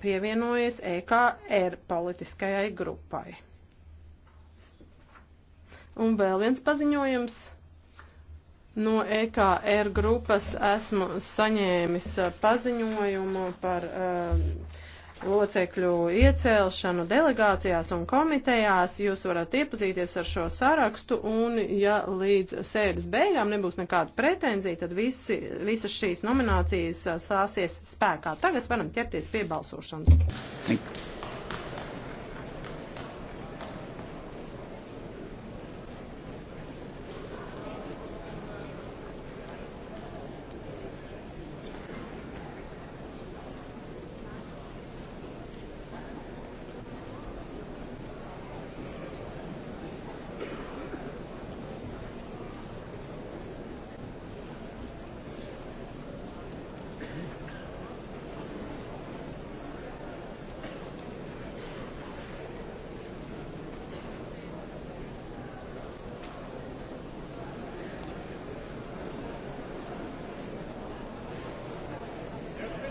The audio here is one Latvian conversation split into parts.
pievienojies EKR politiskajai grupai. Un vēl viens paziņojums. No EKR grupas esmu saņēmis paziņojumu par uh, locekļu iecelšanu delegācijās un komitejās. Jūs varat iepazīties ar šo sarakstu un, ja līdz sēdes beigām nebūs nekāda pretenzija, tad visi, visas šīs nominācijas uh, sāsies spēkā. Tagad varam ķerties pie balsošanas. Thank you.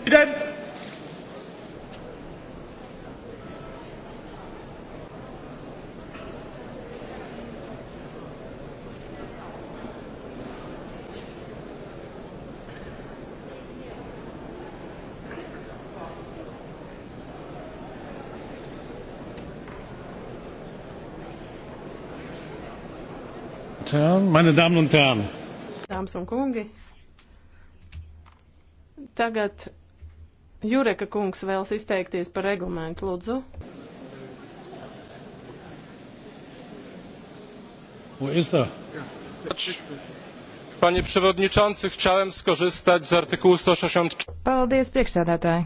Präsident! Meine Damen und Herren! Dāmas un kungi, tagad Jureka kungs vēlas izteikties par reglamentu, lūdzu. Panie przewodniczący, chciałem skorzystać z artykułu 164. Paldies, priekšsēdētāji.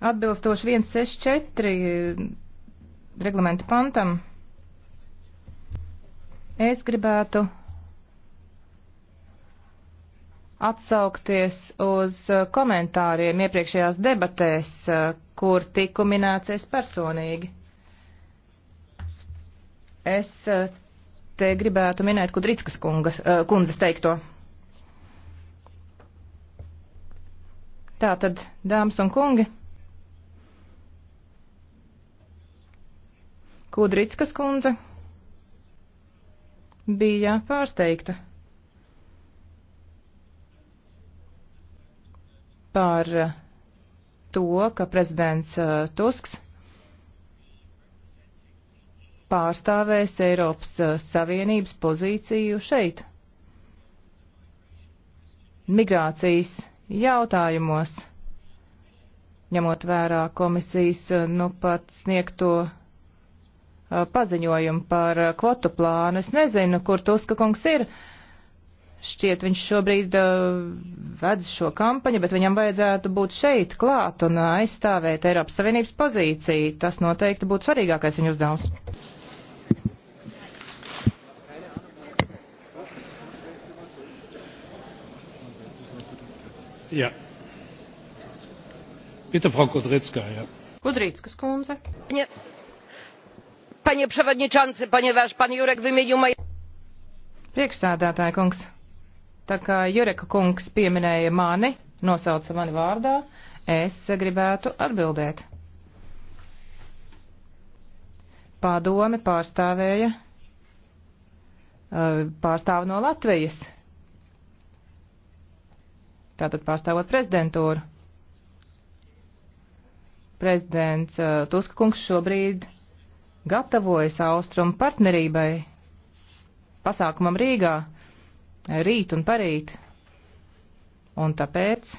Atbilstoši 164 eh, reglamentu pantam, es gribētu atsaukties uz eh, komentāriem iepriekšējās debatēs, eh, kur tiku minēts es personīgi. Es eh, te gribētu minēt Kudrickas kungas, kundzes teikto. Tātad, dāmas un kungi, Kudrickas kundze bija pārsteigta. par eh, to, ka prezidents eh, Tusks pārstāvēs Eiropas eh, Savienības pozīciju šeit, migrācijas jautājumos, ņemot vērā komisijas nu pat sniegto paziņojumu par kvotu plānu. Es nezinu, kur Tuska kungs ir. Uh, Šķiet, viņš šobrīd uh, ved šo kampaņu, bet viņam vajadzētu būt šeit klāt un uh, aizstāvēt Eiropas Savienības pozīciju. Tas noteikti būtu svarīgākais viņa uzdevums. Jā. Bitte, Frau Kudrycka, jā. Kudryckas kundze. Ja. Panie przewodniczący, ponieważ pan Jurek wymienił moje... Priekšsādātāja kungs. Tā kā Jureka kungs pieminēja mani, nosauca mani vārdā, es gribētu atbildēt. Padomi pārstāvēja eh, pārstāvi no Latvijas. Tātad pārstāvot prezidentūru. Prezidents eh, Tuska kungs šobrīd gatavojas austrumu partnerībai pasākumam Rīgā rīt un parīt. Un tāpēc